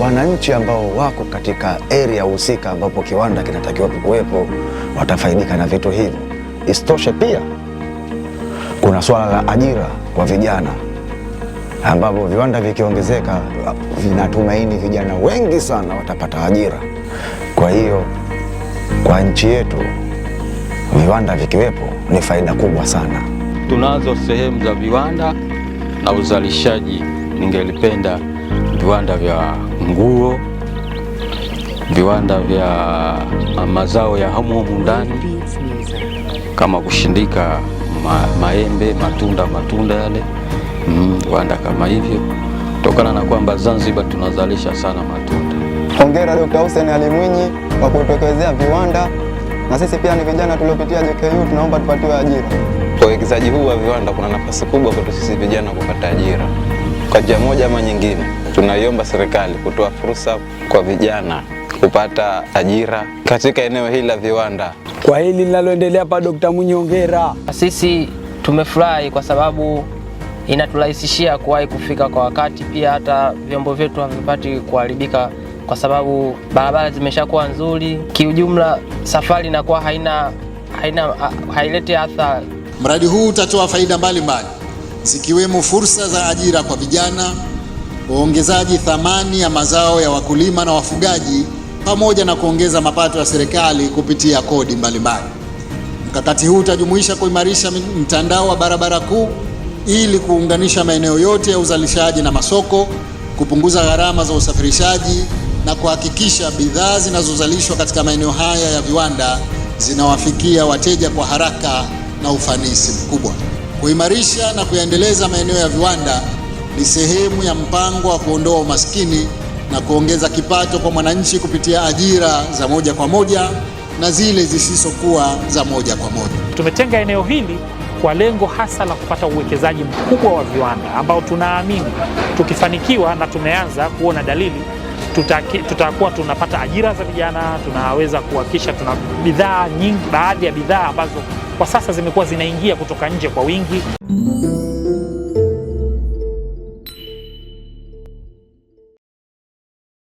Wananchi ambao wako katika area husika ambapo kiwanda kinatakiwa kuwepo watafaidika na vitu hivyo. Isitoshe, pia kuna swala la ajira kwa vijana ambapo viwanda vikiongezeka, vinatumaini vijana wengi sana watapata ajira. Kwa hiyo kwa nchi yetu viwanda vikiwepo ni faida kubwa sana. Tunazo sehemu za viwanda na uzalishaji, ningelipenda viwanda vya nguo, viwanda vya mazao ya humu humu ndani kama kushindika ma, maembe, matunda matunda yale mm, kama hivyo, kutokana na kwamba Zanzibar tunazalisha sana matunda. Hongera Dr. Hussein Ali Mwinyi kwa kututokezea viwanda, na sisi pia ni vijana tuliopitia JKU, tunaomba tupatiwe ajira. Kwa uwekezaji huu wa viwanda, kuna nafasi kubwa kwetu sisi vijana kupata ajira kwa njia moja ama nyingine. Tunaiomba serikali kutoa fursa kwa vijana kupata ajira katika eneo hili la viwanda. Kwa hili linaloendelea hapa, Dr. Mwinyi, hongera. Sisi tumefurahi kwa sababu inaturahisishia kuwahi kufika kwa wakati, pia hata vyombo vyetu havipati kuharibika kwa sababu barabara zimeshakuwa nzuri. Kiujumla, safari inakuwa haina, haina, haileti athari. Mradi huu utatoa faida mbalimbali zikiwemo fursa za ajira kwa vijana, uongezaji thamani ya mazao ya wakulima na wafugaji, pamoja na kuongeza mapato ya serikali kupitia kodi mbalimbali. Mkakati huu utajumuisha kuimarisha mtandao wa barabara kuu ili kuunganisha maeneo yote ya uzalishaji na masoko, kupunguza gharama za usafirishaji na kuhakikisha bidhaa zinazozalishwa katika maeneo haya ya viwanda zinawafikia wateja kwa haraka na ufanisi mkubwa. Kuimarisha na kuyaendeleza maeneo ya viwanda ni sehemu ya mpango wa kuondoa umaskini na kuongeza kipato kwa mwananchi kupitia ajira za moja kwa moja na zile zisizokuwa za moja kwa moja. Tumetenga eneo hili kwa lengo hasa la kupata uwekezaji mkubwa wa viwanda ambao tunaamini tukifanikiwa, na tumeanza kuona dalili, tutakuwa tunapata ajira za vijana, tunaweza kuhakikisha tuna bidhaa nyingi, baadhi ya bidhaa ambazo kwa sasa zimekuwa zinaingia kutoka nje kwa wingi.